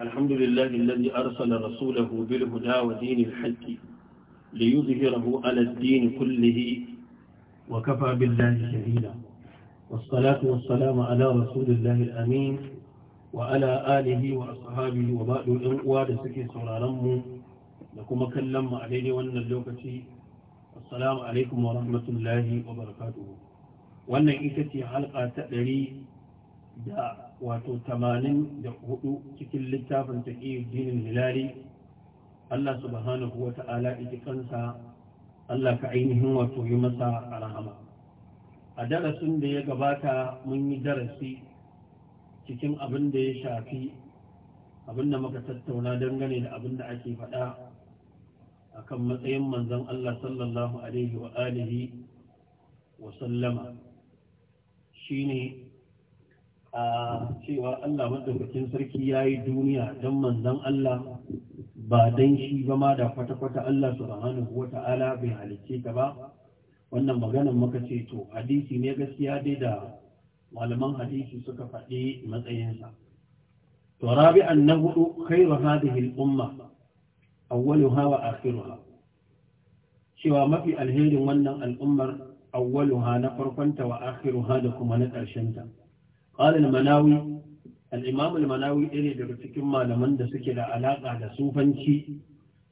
الحمد لله الذي أرسل رسوله بالهدى ودين الحق ليظهره على الدين كله وكفى بالله شهيدا والصلاة والسلام على رسول الله الأمين وعلى آله وأصحابه وبعد الأنقوى لسكي سرارمه لكم كلم عليه وأن اللوكة السلام عليكم ورحمة الله وبركاته وأن إيكتي حلقة تأري دا wato 84 cikin littafin jinin hilali Allah subhanahu wa ta'ala iji kansa Allah ka ainihin wato yi masa rahama a darasin da ya gabata mun yi darasi cikin abin da ya shafi abin da muka tattauna dangane da abin da ake faɗa akan matsayin manzon Allah sallallahu alaihi wa alihi wa sallama shine a cewa Allah madaukakin sarki ya yi duniya don manzan Allah ba don shi ba ma da kwata-kwata Allah subhanahu wa ta'ala bai halicce ta ba wannan maganan muka ce to hadisi ne gaskiya dai da malaman hadisi suka faɗi matsayinsa to rabi'an na hudu khairu hadhihi al-umma awwaluha wa akhiruha cewa mafi alherin wannan al'ummar awwaluha na farkonta wa akhiruha da kuma na ƙarshenta قال المناوي الإمام المناوي إلي درسكم ما لمن دسك علاقة لسوفنشي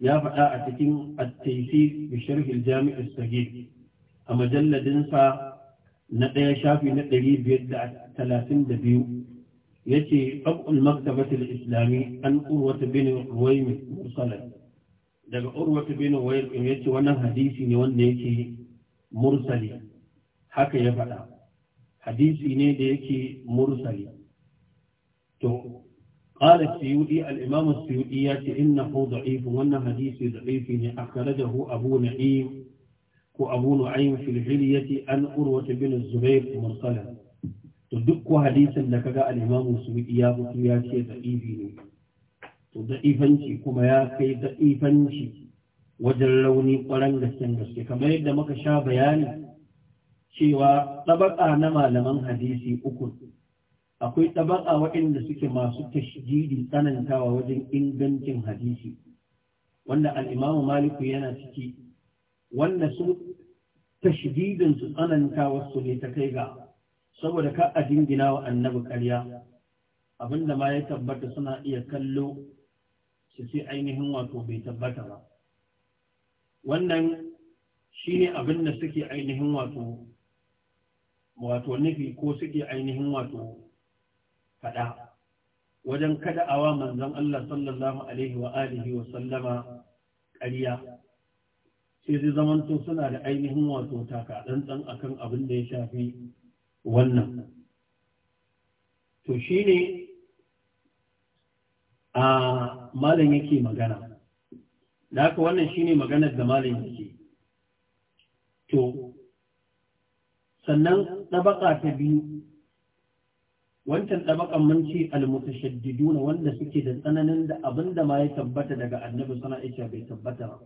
يا فتاة أتكين التيسير بشرح الجامع الصغير أما جل دنسا نقيا شافي نقلي بيد ثلاثين دبيو يتي قبء المكتبة الإسلامي أن أروة بن رويم مرسلا daga urwatu bin wayl in yace wannan hadisi ne wanda yake mursali haka ya faɗa hadisi ne da yake mursali to قال السيودي الإمام السيودي إنه ضعيف وأن حديث ضعيف أخرجه أبو نعيم وأبو نعيم في الحلية عن أروة بن الزبير مرسلا تدق حديثا لك الإمام السيودي يا بطياتي ضعيف ضعيفا كما يا كي ضعيفا وجلوني ولن لسن كما يبدأ مكشا بياني cewa tabaka na malaman hadisi uku akwai tabaka waɗanda suke masu tashjidi tsanantawa wajen ingancin hadisi wanda al'imamu maliku yana ciki wanda su tashdidin su tsanantawa su ne ta kai ga saboda ka a jingina wa annabi ƙarya abinda ma ya tabbata suna iya kallo su ce ainihin wato bai tabbata ba wannan shi ne abinda suke ainihin wato wato nufi ko suke ainihin wato faɗa wajen kada awa manzon Allah sallallahu alaihi wa alihi wa sallama ƙarya sai zai zamanto suna da ainihin wato taka tsantsan akan abin da ya shafi wannan to shine a malam yake magana da haka wannan shine maganar da malam yake to sannan ɗabaƙa ta biyu wancan ɗabaƙan mun ce almutashaddidu na wanda suke da tsananin da abin da ma ya tabbata daga annabi suna isha bai tabbata ba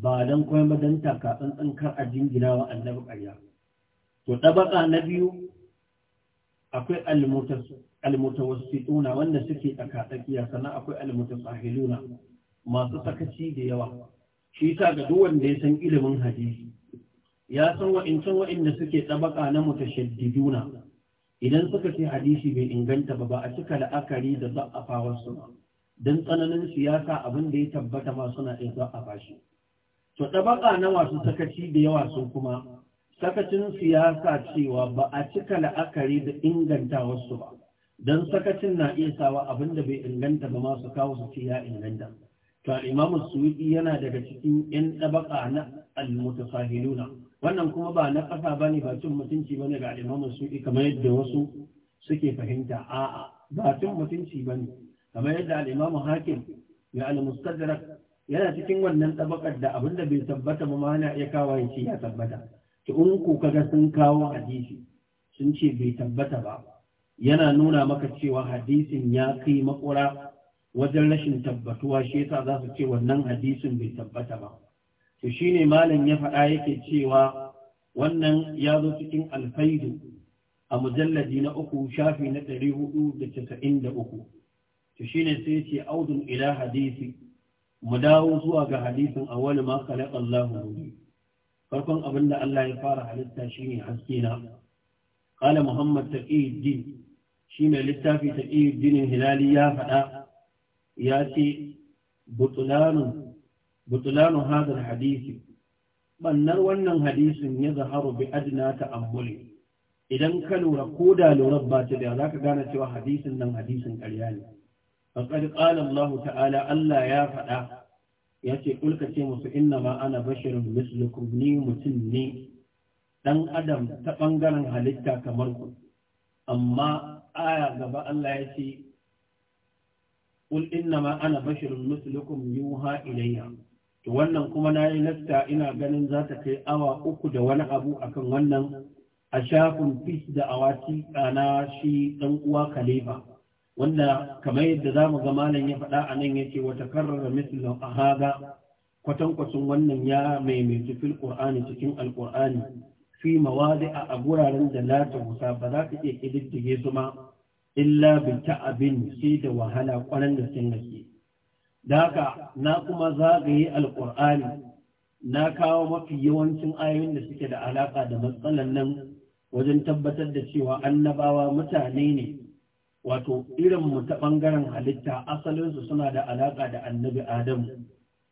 ba don kuma ba taka tsantsan kar a jingina wa annabi ƙarya to ɗabaƙa na biyu akwai almutawasituna wanda suke tsakatsakiya sannan akwai almutasahiluna masu sakaci da yawa shi yasa ga duk wanda ya san ilimin hadisi ya san wa'incan wa'inda suke tsabaka na mutashaddiduna idan suka ce hadisi bai inganta ba ba a cika la'akari da za'afawar su ba don tsananin siyasa abin da ya tabbata ma suna iya za'afa shi to tsabaka na masu sakaci da yawa sun kuma sakacin siyasa cewa ba a cika la'akari da inganta wasu ba don sakacin na iya sawa abin da bai inganta ba ma su kawo su ce ya inganta to al-imamu suyuti yana daga cikin yan tsabaka na al-mutasahiluna wannan kuma ba na ƙasa ba ne ba cin mutunci ba ne ga alimamin su'i kamar yadda wasu suke fahimta a'a ba cin mutunci ba ne kamar yadda alimamin hakim ya almustadrak yana cikin wannan tabakar da abin da bai tabbata ba ma iya kawo ya ce ya tabbata to in ku kaga sun kawo hadisi sun ce bai tabbata ba yana nuna maka cewa hadisin ya kai makura wajen rashin tabbatuwa shi yasa za su ce wannan hadisin bai tabbata ba to ne malam ya faɗa yake cewa wannan ya zo cikin alfaidu a mujalladi na uku shafi na ɗari hudu da casa'in da uku to ne sai ce audun ila hadisi mu dawo zuwa ga hadisin awwal ma khalaqa Allahu farkon abin da Allah ya fara halitta shine haske na Ƙala Muhammad Taqiyuddin shine littafi Taqiyuddin Hilali ya faɗa ya ce butlanun butulanu hadal hadisi bannar wannan hadisin ya zaharu bi adna ta'ammuli idan ka lura ko da lura ba ta da zaka gane cewa hadisin nan hadisin ƙarya ne faqad qala Allah ta'ala Allah ya faɗa ya ce kulka ce musu inna ma ana basharun mislukum ni mutum ne dan adam ta bangaren halitta kamar ku amma aya gaba Allah ya ce ana إنما أنا بشر مثلكم يوحى إليّ wannan kuma na yi lasta ina ganin za ta kai awa uku da wani abu akan wannan a shafin fis da awaki na shi ɗan uwa kalifa wanda kamar yadda za mu ga malam ya faɗa a nan yake wata karrara mislin a haga kwatankwacin wannan ya maimaitu fil qur'ani cikin alqur'ani fi mawadi a guraren da la ta ba za ka iya kididdige su ma illa bi ta'abin sai da wahala kwanan da sun gaske Daka, na kuma zagaye alƙur'ani na kawo mafi yawancin ayoyin da suke da alaƙa da matsalan nan wajen tabbatar da cewa annabawa mutane ne wato irin mu ta ɓangaren halitta asalinsu suna da alaƙa da annabi adamu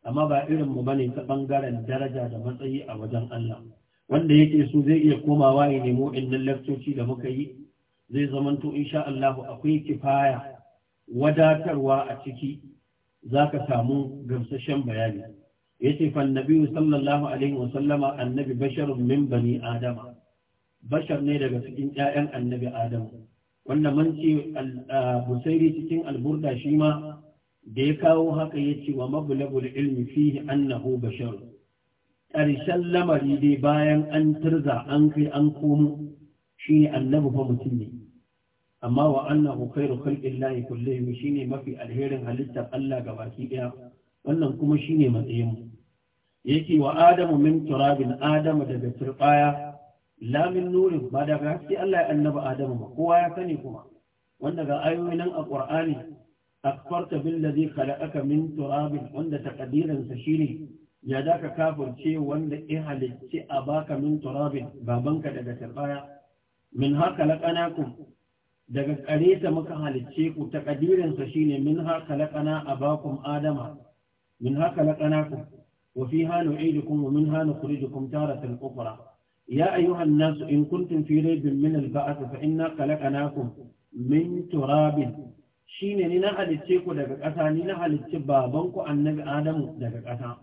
amma ba irin mu bane ta ɓangaren daraja da matsayi a wajen Allah wanda yake so zai iya komawa ya nemo innan laftoci da muka yi zai zamanto insha Allah akwai kifaya wadatarwa a ciki za ka samu gamsashen bayani ya ce fannabiyu sallallahu alaihi sallama, annabi basharun min bani adama bashar ne daga cikin 'ya'yan annabi adamu wanda man ce busairi cikin alburda shi ma da ya kawo haka ya ce wa mabulabul ilmi fihi annahu bashar ƙarshen lamari dai bayan an turza an kai an komo shi annabi fa mutum ne amma wa annahu khairu khalqillahi kullihim shine mafi alherin halittar Allah gabaki daya wannan kuma shine matsayin mu yake wa adamu min turabin adamu daga turbaya la min nurin ba daga haske Allah ya annaba adamu ba kowa ya sani kuma wanda ga ayoyi nan a qur'ani akfarta bil ladhi khalaqaka min turabin wanda takdirin sa shine ya daka ce wanda ya halicci a baka min turabin babanka daga turbaya min haka laqanakum daga Kare ta muka halicce ku ta kadirinsa shine min ha a abakum adama min ha kalakana ku wa fi ha nu'idukum wa min ha nukhrijukum taratan ukhra ya ayyuha an-nas in kuntum fi raybin min al-ba'th fa inna ku. min turabin shine ni na halicce ku daga ƙasa ni na halicce baban ku annabi adamu daga ƙasa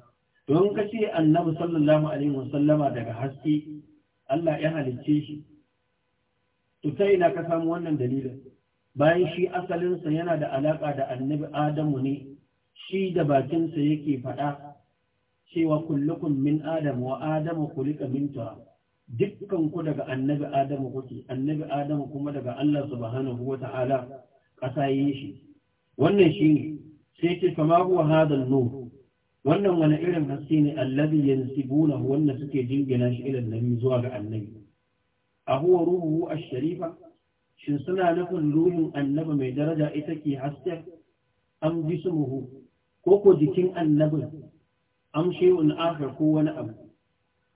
don ka ce annabi sallallahu alaihi wasallama daga haske Allah ya halicce shi to ta ina ka samu wannan dalilin bayan shi asalinsa yana da alaƙa da annabi adamu ne shi da bakinsa yake faɗa cewa kullukun min Adamu wa adamu kulika min tura dukkan ku daga annabi adamu kuke annabi adamu kuma daga Allah subhanahu wa ta'ala ƙasa yi shi wannan shi ne sai ce kama huwa hadal nur wannan wani irin haske ne allazi yansibunahu wanda suke jingina shi ila annabi zuwa ga annabi a huwa ruhu a sharifa shin suna nufin ruhin annaba mai daraja ita ke haske an bismuhu ko ko jikin annabin am shay'un akhar ko wani abu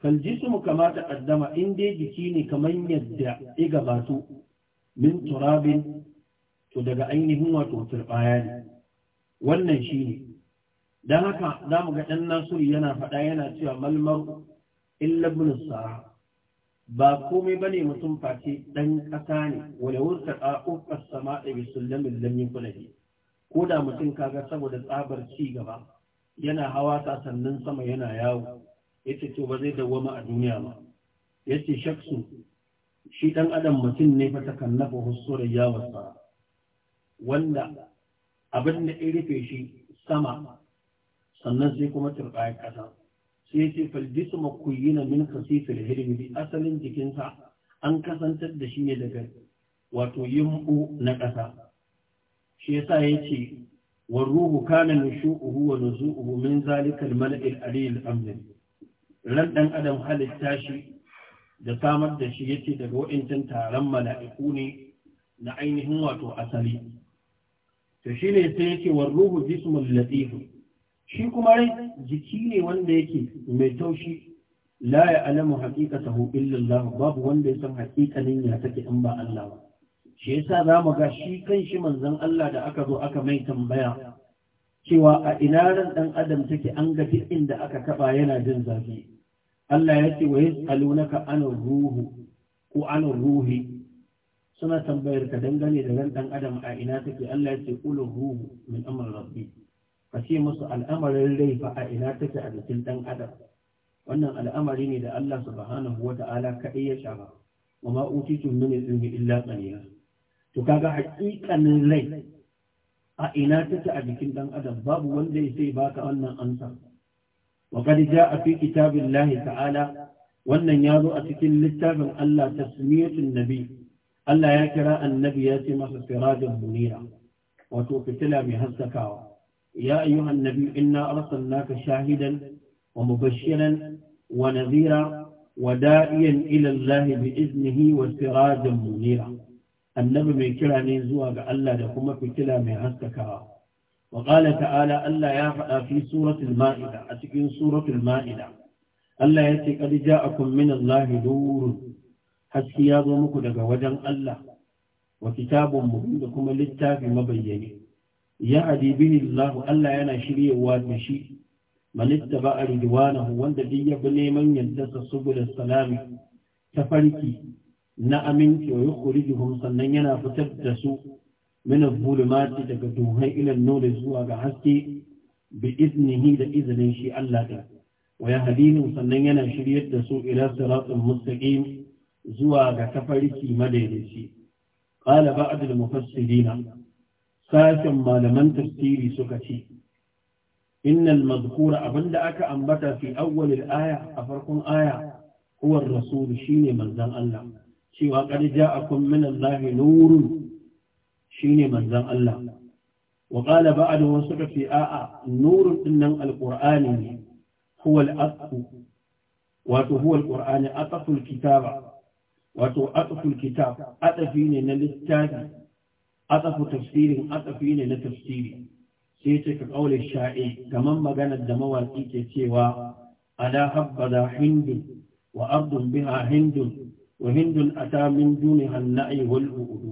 kal jismu kama ta addama in dai jiki ne kamar yadda ya gabato min turabin to daga ainihin wato turbaya ne wannan shine dan haka zamu ga dan Nasiru yana faɗa yana cewa malmar illa ibn sara ba komai ba ne mutum face ɗan ƙasa ne wani wurta ƙaƙuƙar sama da bisullamin lamin kulabi ko da mutum kaga saboda tsabar ci gaba yana hawa sasannin sama yana yawo ya ce to ba zai dawwama a duniya ba ya ce shaksu shi dan adam mutum ne fa husura hussurar yawarsa wanda abin da ya rufe shi sama sannan sai kuma ya ƙasa sai ce faljisu na min kasifil hirmi asalin jikinsa an kasantar da shi ne daga wato yimbu na ƙasa shi yasa ya ce wa ruhu kana shu'uhu wa nuzu'uhu min zalikal mala'il aliyil amrin ran dan adam halitta shi da samar da shi yace daga wa'incan taron mala'iku ne na ainihin wato asali to shine sai yace wa ruhu jismul latifu shi kuma rai jiki ne wanda yake mai taushi la ya alamu haƙiƙata hu illallah, babu wanda ya san haƙiƙanin ya take in ba Allah ba shi yasa mu ga shi kan shi manzon Allah da aka zo aka mai tambaya cewa a ina ran dan adam take an ga duk inda aka kaba yana jin zafi Allah ya ce wa yasalunaka an ruhu ko an ruhi suna tambayar ka dangane da ran dan adam a ina take Allah ya ce qul ruhu min amr rabbi ka ce musu al'amarin rai fa a ina take a jikin ɗan adam wannan al'amari ne da Allah subhanahu wa ta'ala kaɗai ya shafa wa ma utitu min ilmi illa tsaniya. to kaga hakikanin rai a ina take a jikin ɗan adam babu wanda ya sai baka wannan amsa wa a ja'a fi kitabillahi ta'ala wannan ya zo a cikin littafin Allah tasmiyatun nabi Allah ya kira annabi ya ce masa sirajin munira wato fitila mai haskakawa يا أيها النبي إنا أرسلناك شاهدا ومبشرا ونذيرا ودائيا إلى الله بإذنه وسراجا منيرا النبي من كلا نزوى بألا لكم في كلا من هسككا وقال تعالى ألا يا في سورة المائدة أتكين سورة المائدة ألا يأتي قد جاءكم من الله نور حسيا ضمك لك وجن الله وكتاب مبين لكم للتاب مبينين ya adibi Allah Allah yana shiryewa da shi malitta ba a ridwanahu wanda duk ya bi neman sa saboda salami ta farki na aminci wa yukhrijuhum sannan yana fitar da su min az-zulumati daga duhai ila an zuwa ga haske bi iznihi da izinin shi Allah da wa yahdihim sannan yana shiryar da su ila siratin mustaqim zuwa ga tafarki madaidaici qala ba'd al sashen malaman tafsiri suka ce innal mazkura abinda aka ambata fi awwalil aya a farkon aya huwa rasul shine manzan Allah cewa qad ja'akum min Allah nurun shine manzan Allah wa qala ba'da wasu fi a'a nurun dinnan Alƙur'ani ne huwa al-aqu wato huwa alqur'ani ataful kitaba wato ataful kitab atafi ne na littafi أطف تفسير أطفين لتفسير سيتك قول الشاعر كمن مغانا الدموى الكيكي سوى ألا حبذا هند وأرض بها هند وهند أتى من دونها النعي والأؤد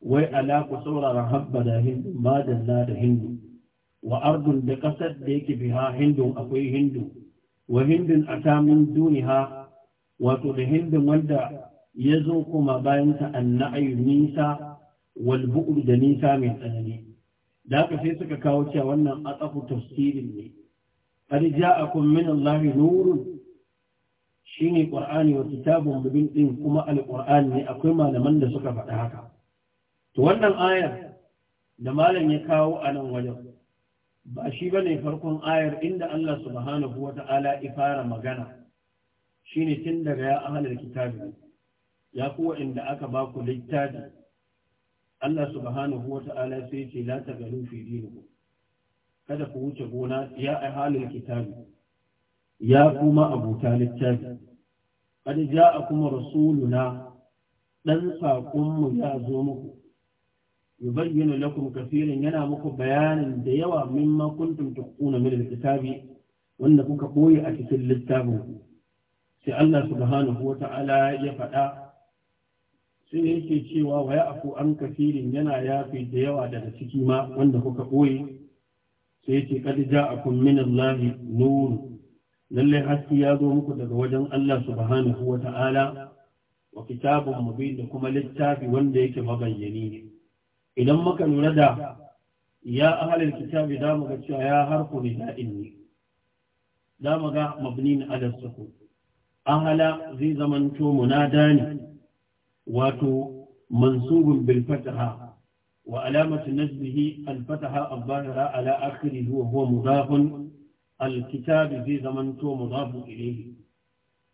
وألا قصور حبذا هند ما دلاد هند وأرض بقصد ديك بها هند أقوي هند وهند أتى من دونها وتلهند ولد يزوق ما بينك النعي نيسا wal da nisa mai tsanani da ka sai suka kawo cewa wannan atafu tafsirin ne qad ja'akum min Allah nurun ne qur'ani wa kitabun mubin ɗin kuma Alƙur'ani ne akwai malaman da suka faɗa haka to wannan ayar da malam ya kawo a nan wajen ba shi ne farkon ayar inda Allah subhanahu wa ta'ala ifara magana shine tun daga ya ahalar kitabi ya kuwa inda aka baku littafi Allah subhanahu wa ta'ala sai ce la ta galu fi kada ku wuce gona ya halin kitabi ya kuma abuta littafi kada a kuma rasuluna dan saƙon mu ya zo muku bayyana lakum kafirin yana muku bayanin da yawa mimma kuntum tuquna min alkitabi wanda kuka boye a cikin littafin sai Allah subhanahu wa ta'ala ya faɗa sai yake cewa waya afu an kafirin yana yafi da yawa daga ciki ma wanda kuka ɓoye sai yake kad ja'akum min Allah nur lalle haske ya zo muku daga wajen Allah subhanahu wa ta'ala wa kitabun mubin da kuma littafi wanda yake mabayyani ne idan muka lura da ya ahalin kitabi da mu ga cewa ya harfu ne da inni da mu ga mabni na adar ahala zai zamanto munada ne wato mansubun bil fataha wa alamatu nasbihi al fataha al-zahira ala akhirih wa huwa mudafun al-kitab fi zaman to mudafun ilayhi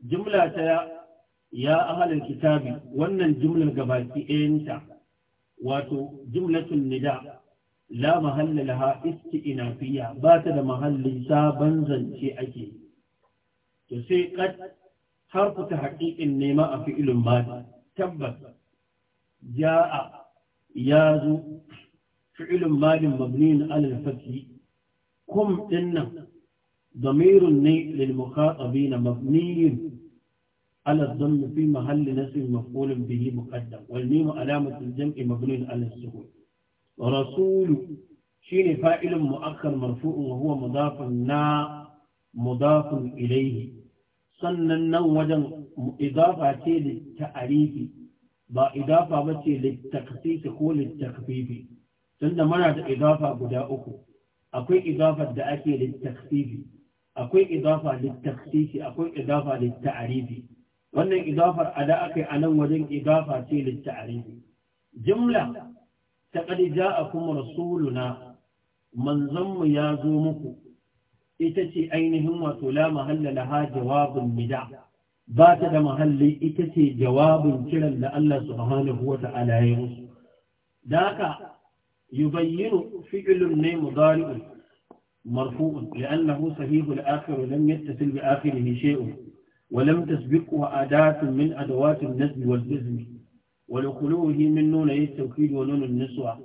jumla ta ya ahlul kitabi wannan jumlar gabaki ɗayanta wato jumlatul nida la mahalla laha isti'nafiya ba ta da mahalli sabon zance ake to sai kad ku ta haƙiƙin nema a fi'ilun mata tabbas Ja'a ya zo fi'ilun malin mabni na alal fasli kum din nan zamirun ne lil mukhatabi na mabni alal zannu fi mahalli na maqulun bihi muqaddam wal ni mu alamatul jam'i mabni na alal suhul rasul shine fa'ilun mu'akkal marfu'un wa huwa mudafun na mudafun ilaihi, sannan nan wajen Izafa ce litta'arifi ba idafa ba ce littakfisi ko littakfifi tunda muna da izafa guda uku akwai idafar da ake littakfifi akwai idafa littakfisi akwai idafa litta'arifi wannan izafar a da aka yi a nan wajen idafa ce litta'arifi jimla ta ƙarja a kuma rasuluna manzanmu ya zo muku ita ce ainihin wato la mahalla laha jawabin nida بات دا محلی اکتی جواب چلن دا سبحانه وتعالى ایوز داکا يبين فعل النيم مضارع مرفوع لأنه صحيح الآخر لم يتصل بآخره شيء ولم تسبقه أداة من أدوات النزل والجزم ولخلوه من نون التوكيد ونون النسوة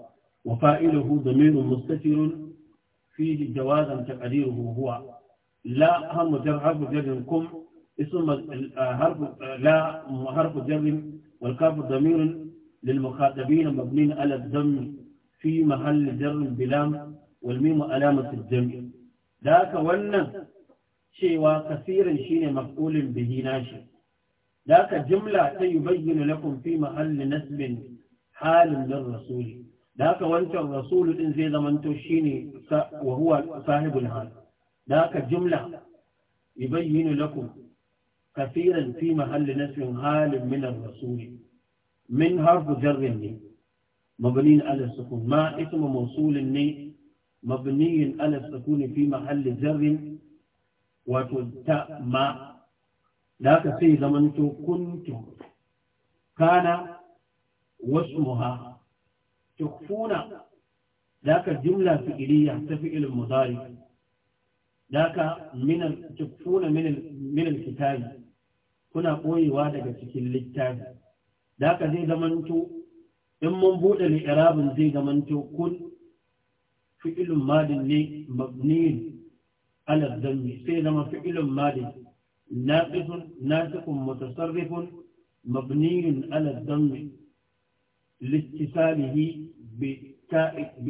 وفائله ضمير مستتر فيه جوازا تقديره هو لا هم ترعب جدنكم اسم آه، حرف آه، لا حرف جر والكاف ضمير للمخاطبين مبني على الضم في محل جر بلام والميم علامة الجمع ذاك ون شيوا كثيرا شين مفعول به ناشئ ذاك جملة يبين لكم في محل نسب حال للرسول ذاك وانت الرسول إن زيد من تشيني وهو صاحب الحال ذاك جملة يبين لكم كثيرا في محل نسب حال من الرسول من حرف جر مبني على السكون ما اسم موصول مبني على السكون في محل جر وتلتا ما ذاك في زمنت كنت كان واسمها تخفون ذاك الجملة فعلية تفعل المضارع ذاك من تخفون من من الكتاب kuna ɓoyewa daga cikin littafi da haka zai zamanto in mun buɗe li'irabin zai zamanto kun fi'ilun madin ne mabniyin ala zammi sai zama fi'ilun madin naqisun nasiqun mutasarrifun mabniyin ala zammi listisalihi bi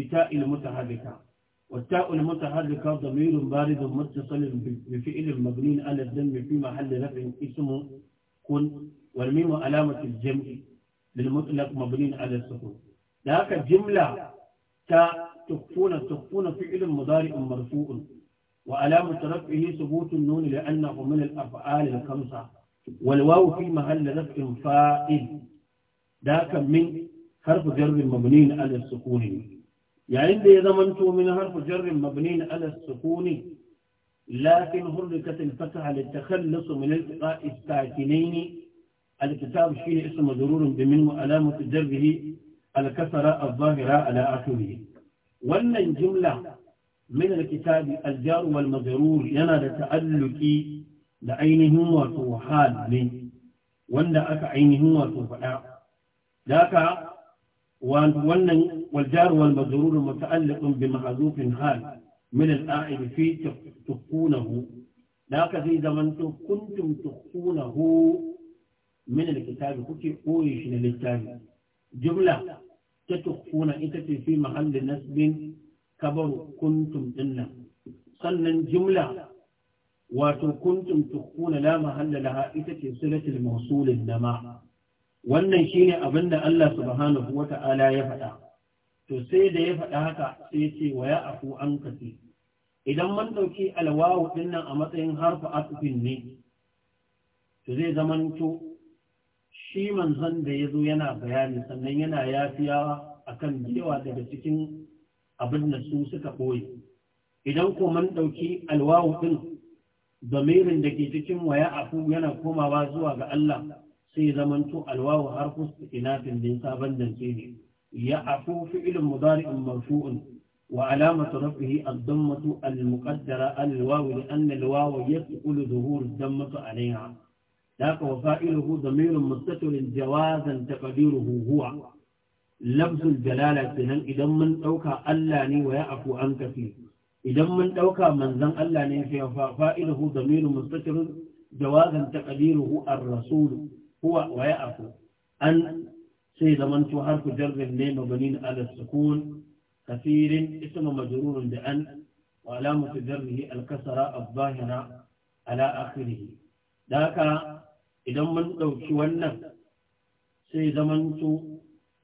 ta'il mutahabbita والتاء المتحركة ضمير بارد متصل بفعل مبني على الذم في محل رفع اسم كن والميم علامة الجمع للمطلق مبني على السكون ذاك جملة تاء تخفون تخفون فعل مضارع مرفوع وعلامة رفعه ثبوت النون لأنه من الأفعال الخمسة والواو في محل رفع فائد ذاك من حرف جر مبني على السكون يعني إذا زمنت من حرف جر مبني على السكون لكن حركت الفتحة للتخلص من التقاء الساكنين الكتاب فيه اسم ضرور بمن وعلامة جره الكسرة الظاهرة على آخره وأن جملة من الكتاب الجار والمجرور ينال تعلق لعينهم وتوحاد من ولا أك عينهم وتوحاد ذاك وأن والجار والمجرور متعلق بمحذوف حال من الآئل في تخونه ذاك في زمن كنتم تخونه من الكتاب كنت قويش للكتاب جملة تتخفون إتتي في محل نسب كبر كنتم إنا صلنا جملة wato kuntum tukhuna la mahalla laha ita ce silatul mawsulin dama wannan shine abinda Allah subhanahu wata'ala ya faɗa to sai da ya faɗa haka sai ce wa ya afu an idan man ɗauki alwawu ɗin a matsayin harfa atufin ne to zai zamanto shi manzon da ya zo yana bayani sannan yana yafiyawa akan yawa daga cikin abin da su suka koyi idan ko man ɗauki alwawu ɗin zamirin da ke cikin waya afu yana komawa zuwa ga Allah sai zamanto alwawu harfus inafin din sabon dance ne يعفو فعل مضارع مرفوع وعلامة رفعه الضمة المقدرة على الواو لأن الواو يثقل ظهور الضمة عليها ذاك وفائله ضمير مستتر جوازا تقديره هو لفظ الجلالة كنن إذا من أوكى ألاني ويعفو عن كثير إذا من أوكى من ذن ألاني فائله ضمير مستتر جوازا تقديره الرسول هو ويعفو أن sai zamanto to harfu jarrin ne mabani ala sukun kasirin isma majrurun da an wa alamatu jarrihi al-kasra al-zahira ala akhirih da haka idan mun ɗauki wannan sai zaman to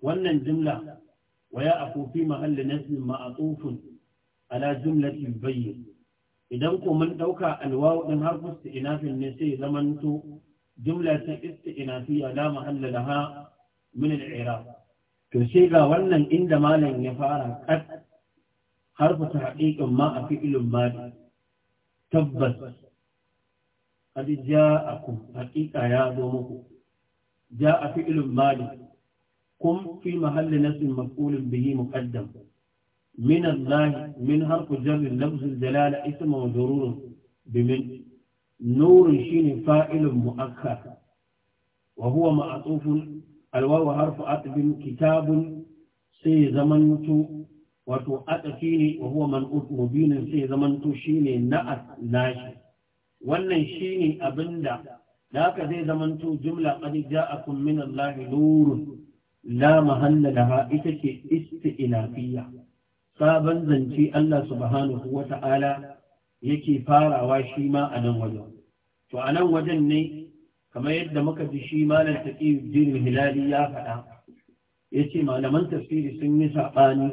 wannan jumla ويأخو في محل نسل معطوف على جملة بين إذن من دوكا الواو إن حرف استئناف النسي زمنت جملة استئنافية لا محل لها min al-iraq to sai ga wannan inda malam ya fara kat harfa haƙiƙa, ma a fi'lun madi tabbas qad ja'akum haqiqa ya zo muku ja'a fi'lun madi kum fi mahalli nasb maf'ul bihi muqaddam min Allah min harf jar lafz al-dalala ism wa zarur bimin nur shine fa'il muakkar wa huwa ma'tuf Alwawa harfu atbin kitabun sai zamantu wato atafi ne wa huwa man'ut mubinin sai zamantu shine na'at nashi wannan shine abinda da haka zai zamanto jumla qad ja'akum min Allah nurun la mahalla laha ita ce isti'lafiyya sabon zance Allah subhanahu wata'ala yake farawa shi ma a nan wajen to a nan wajen ne kamar yadda muka fi shi malam taqiyuddin hilali ya faɗa yace malaman tafsiri sun yi saɓani,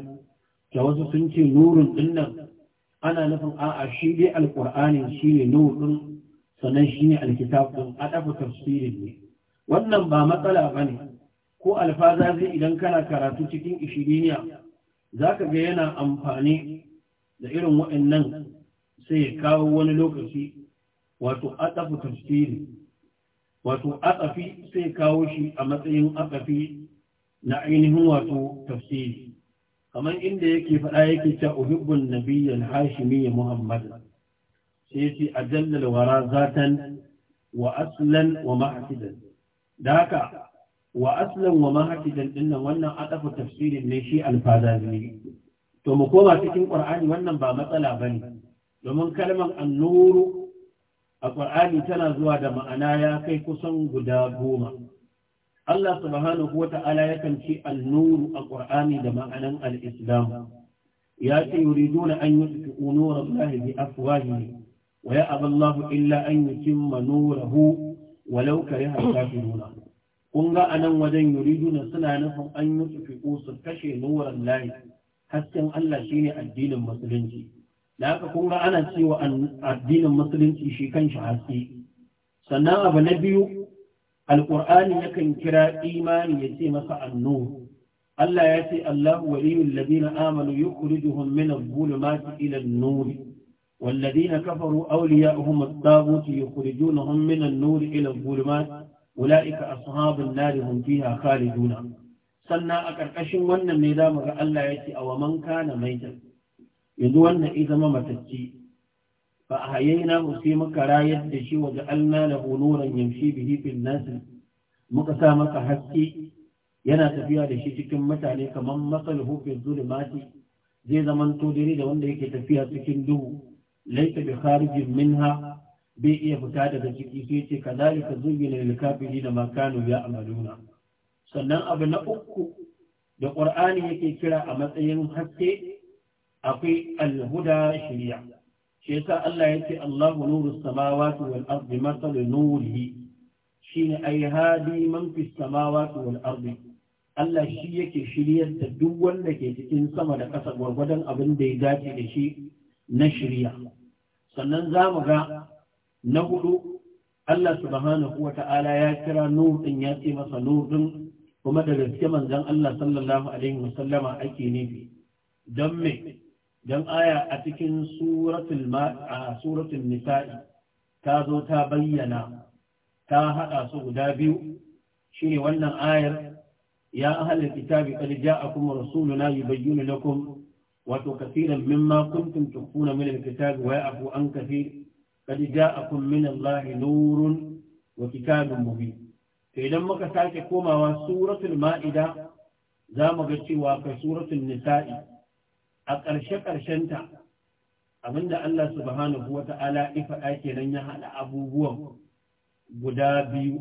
da wasu sun ce nurun dinnan ana nufin a'a shi dai alqur'ani shine nurun sannan shine alkitab a ɗafa tafsirin ne wannan ba matsala bane ko alfaza zai idan kana karatu cikin ishiriniya zaka ga yana amfani da irin waɗannan sai ya kawo wani lokaci wato adafu tafsiri wato atsafi sai kawo shi a matsayin asafi na ainihin wato tafsiri kamar inda yake faɗa yake ta uhibbun nabiyyan hashimi ya muhammad sai yace ajallal wara zatan wa aslan wa mahsidan da haka wa aslan wa mahsidan dinnan wannan adafu tafsirin ne shi alfazazi to mu koma cikin qur'ani wannan ba matsala bane domin kalmar annuru a tana zuwa da ma'ana ya kai kusan guda goma Allah subhanahu wa ta'ala yakan kanci annuru a ƙur'ani da ma'anan al'islam ya ce yuriduna an yi tuku nurar lahi bi afwahi wa ya aballahu illa an yi cimma nurahu walau kare harka nuna kun ga a nan wajen yuriduna suna nufin an yi tuku su kashe nurar lahi hasken Allah shine addinin musulunci da aka kunga ana cewa addinin musulunci shi kan shi haske sannan abu na biyu alƙur'ani yakan kira imani ya ce masa annu Allah ya ce Allah waliyu ladina amanu yukhrijuhum min adh-dhulumati ila an-nur walladina kafaru awliya'uhum ya dhabut yukhrijunahum min an-nur ila adh-dhulumat ulaika ashabun nar hum fiha khaliduna sannan a karkashin wannan ne zamu ga Allah ya ce awaman kana maitan yanzu wannan ita zama matacce fa ahyayna hu sai muka rayar da shi waje alna da hunuran yamshi bihi fil nas muka sa masa haske yana tafiya da shi cikin mutane kamar masalhu fi zulumati zai zaman to dare da wanda yake tafiya cikin duhu laita bi kharijin minha bai iya fita daga ciki sai ce kadalika zuyyina lil da ma kanu ya'maluna sannan abu na uku da qur'ani yake kira a matsayin haske akwai alhuda shirya. shi yasa Allah ya ce Allahu nuru samawati wal ardi masalu shi shine ai hadi man fi samawati wal ardi Allah shi yake shiryar da duk wanda ke cikin sama da ƙasa gwargwadon abin da ya dace da shi na shirya sannan za mu ga na hudu Allah subhanahu wa ta'ala ya kira nur din ya ce masa nur din kuma da gaske manzon Allah sallallahu alaihi sallama ake nufi don me don aya a cikin suratul nisa'i ta zo ta bayyana ta haɗa su guda biyu shi ne wannan ayar ya ahalar kitabi ƙari ja a kuma rasuluna yi na lakum wato kafiran mimma kuntum tukuna min alkitabi wa ya'fu an kafi qad ja'akum min Allahi nurun wa kitabun mubin to idan muka sake komawa suratul ma'ida za mu ga cewa ka suratul nisa'i a ƙarshe ƙarshenta abinda Allah subhanahu wa ta'ala ifaɗa kenan ya haɗa abubuwan guda biyu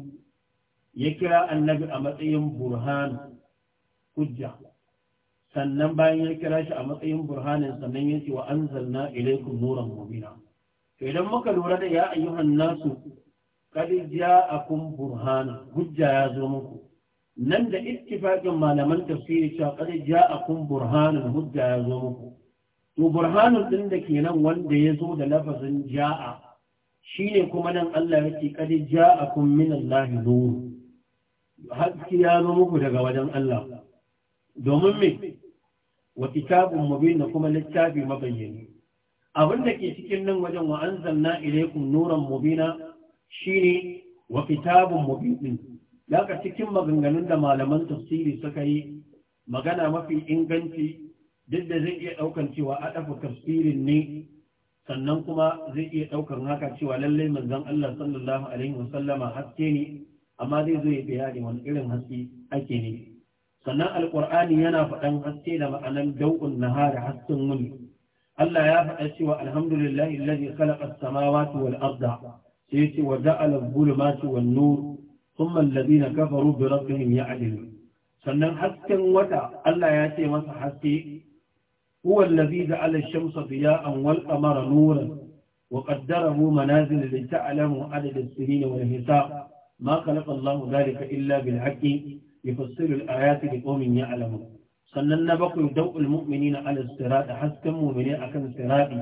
ya kira annabi a matsayin burhan hujja sannan bayan ya kira shi a matsayin burhanin sannan ya ce wa anzalna ilaikum nuran mubina to idan muka lura da ya ayyuhan nasu qad akun burhan hujja ya zo muku nan da ittifaqin malaman tafsiri cewa qad ja'akum burhanun hujja ya zo muku to burhanun din da ke nan wanda ya zo da lafazin ja'a shine kuma nan Allah yake qad ja'akum min Allah nur haske ya zo muku daga wajen Allah domin me wa kitabun mubin kuma littafi mabayyani abin da ke cikin nan wajen wa anzalna ilaykum nuran mubina shine wa kitabun mubin Daga cikin maganganun da malaman tafsiri suka yi magana mafi inganci duk da zai iya ɗaukan cewa adafa tafsirin ne sannan kuma zai iya ɗaukan haka cewa lallai manzon Allah sallallahu alaihi wasallama haske ne amma zai zo ya bayani wani irin haske ake ne sannan alqur'ani yana faɗan haske da ma'anan dau'un nahara hasken muni. Allah ya faɗa cewa alhamdulillahi allazi khalaqa as-samawati wal arda sai ce wa ja'ala adh-dhulumati wan-nur ثم الذين كفروا بربهم يعدلون sannan hasken wata Allah ya ce masa haske huwa allazi ja'ala ash-shamsa diya'an wal qamara nuran wa qaddarahu manazil li ta'lamu adad as-sinin wal hisab ma khalaqa Allahu dhalika illa bil haqqi yufassilu al-ayati liqaumin ya'lamun sannan na bakwai dawul mu'minina ala sirat hasken mu'mini akan sirati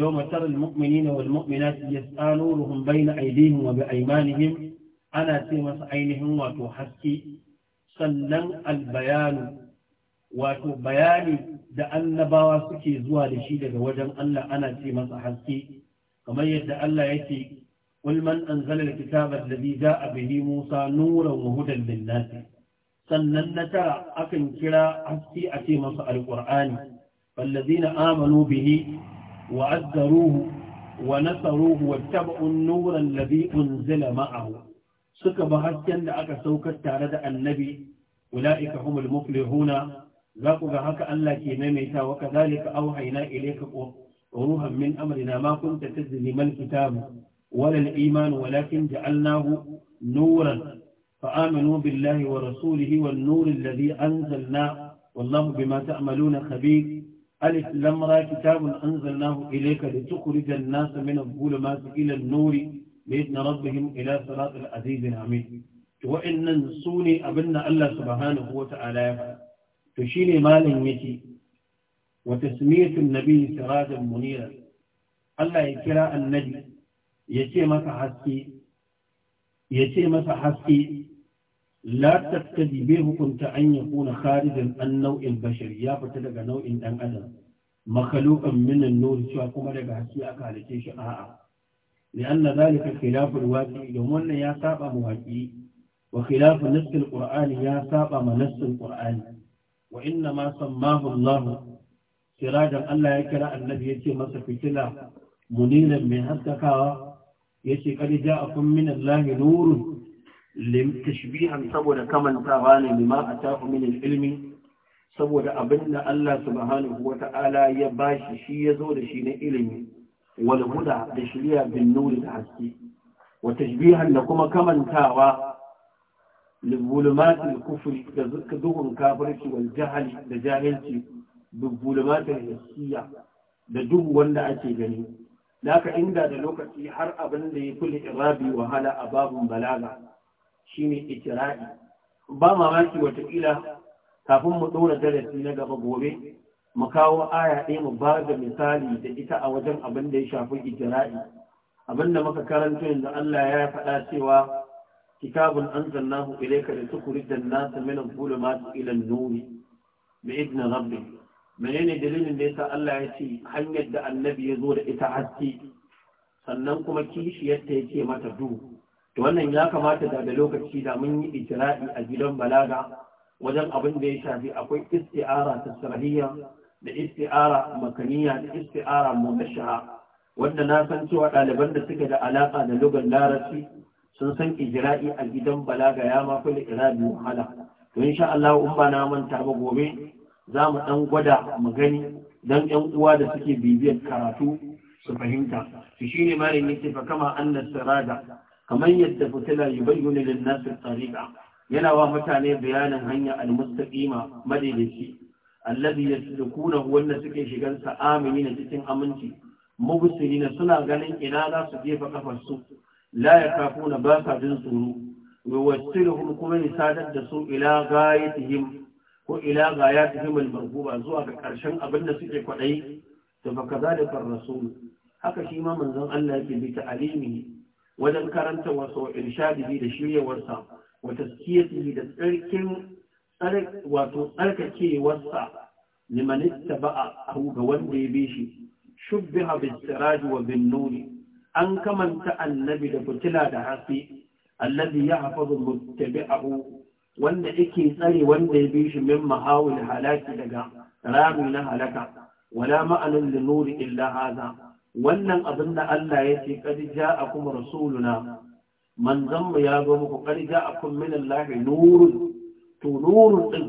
yawma tara al-mu'minina wal mu'minati yas'a nuruhum bayna aydihim wa bi aymanihim ana ce masa ainihin wato haske sannan albayanu wato bayani da annabawa suke zuwa da shi daga wajen Allah ana ce masa haske kamar yadda Allah yake قل من أنزل الكتاب bihi musa nuran موسى نورا وهدى للناس sannan na tara akan kira haske a ce masa alƙur'ani wallazina amanu bihi wa azzaruhu wa nasaruhu wa taba'un nuran ladhi unzila ma'ahu suka ba hasken da aka saukar tare da annabi ula'ika humul muflihuna za ku ga haka Allah ke maimaita wa kadhalika auhayna ilayka ruhan min amrina ma kunta tadri mal kitab wala al iman walakin ja'alnahu nuran fa amanu billahi wa rasulihi wan nur alladhi anzalna wallahu bima ta'maluna khabir alif lam ra kitab anzalnahu ilayka litukhrijan nasa min adh masu ilan nuri بإذن ربهم إلى صراط العزيز الحميد وإن سوني أبن الله سبحانه وتعالى تشيني مال يتي وتسمية النبي سراجا منيرا الله يكرا النبي يتي مسا حسكي يتي مسا حسكي لا تقتدي به كنت أن يكون خارجا عن نوع البشرية فتلقى نوع أن أدم مخلوقا من النور سوى كما لقى حسكي أكالتيش آآ آه. لأن ذلك خلاف الواقع يومنا يا سابع مواقعي وخلاف نص القرآن يا سابع نص القرآن وإنما سماه الله سراجا ألا يكرا النبي يتي مسا فتلا منيرا من هدكا يتي قد جاءكم من الله نور تشبيها سبودا كمن تغاني بما أتاه من العلم saboda abin da Allah subhanahu wata'ala ya bashi shi ya zo da shi na ilimi walhuda da shirya bin nuri da haske wata jibihan da kuma kamantawa lulmatin kufuri da zuka duhun kafarci wal jahali da jahilci lulmatin haskiya da duhu wanda ake gani daga inda da lokaci har abinda ya kulle irabi wahala a babin balaga shine ikirai ba mamaki wataƙila kafin mu ɗaura darasi na gaba gobe mu kawo aya ɗaya mu ba da misali da ita a wajen abin da ya shafi ijra'i abin da muka karanto yanzu Allah ya faɗa cewa kitabun da ilayka litukrijan nasa min adh-dhulumati ila an-nur bi'idni Mene menene dalilin da ya yasa Allah ya ce hanyar da annabi ya zo da ita haske sannan kuma kishiyarta ya ce mata du. to wannan ya kamata da da lokaci da mun yi ijra'i a gidan balaga wajen abin da ya shafi akwai isti'ara ta sarhiyya da isti'ara makaniya da isti'ara mutashaha wanda na san cewa ɗaliban da suke da alaƙa da lugar larabci sun san ijra'i a gidan balaga ya ma kulli irabi wahala to insha Allah in ba na manta ba gobe za mu dan gwada mu gani dan yan uwa da suke bibiyar karatu su fahimta shi shine malamin yake fa kama annas sirada kamar yadda fitila yubayyana lin-nas tariqa yana wa mutane bayanin hanya al-mustaqima madaidaici alladhi yadkhuluna wanda suke shigan sa amini cikin aminci mubsirina suna ganin ina za su jefa kafar su la yakafuna ba sa jin tsoro wa wasiluhum kuma sadar da su ila gayatihim ko ila gayatihim al-marhuba zuwa ga karshen abin da suke kwadai to fa kadhalika ar-rasul haka shi ma manzon Allah yake bi ta'alimi wajen karanta wasu irshadihi da shiryawarsa wa taskiyatihi da tsirkin wato tsarkakewarsa limanista ba a ga wanda ya bi shi Shubbi bin wa bin nuni an kamanta annabi da fitila da Hasi. allazi ya mutabi muttabi'ahu wanda yake tsare wanda ya bi shi min mahawil halaki daga rami na halaka wala ma'anin da nuri illa haza wannan abin da Allah ya ce kad ja'akum rasuluna manzon ya zo muku kad ja'akum min Allah nurun to nurun din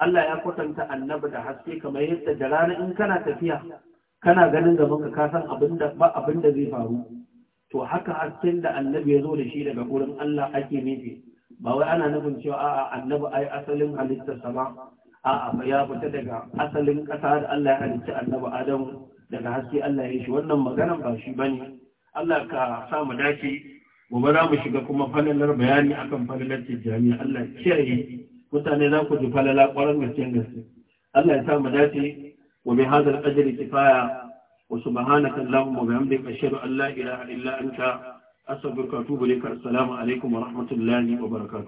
Allah ya kwatanta annabi da haske kamar yadda da rana in kana tafiya kana ganin gaban ka san abin da ba abin da zai faru to haka hasken da annabi ya zo da shi daga wurin Allah ake nufi ba wai ana nufin cewa a'a annabi ai asalin halittar sama a'a ba ya fita daga asalin ƙasa da Allah ya halicci annabi Adam daga haske Allah ya shi wannan maganan ba shi bane Allah ka sa mu dace gobe za mu shiga kuma falalar bayani akan falalar tijjani Allah kiyaye mutane za ku ji falala ƙwarar gaskiyar gaske Allah ya sa mu dace wa bi hadal ajri kifaya wa subhanaka allahumma wa bihamdika ashhadu an la ilaha illa anta astaghfiruka wa atubu ilaik assalamu alaikum wa rahmatullahi wa barakatuh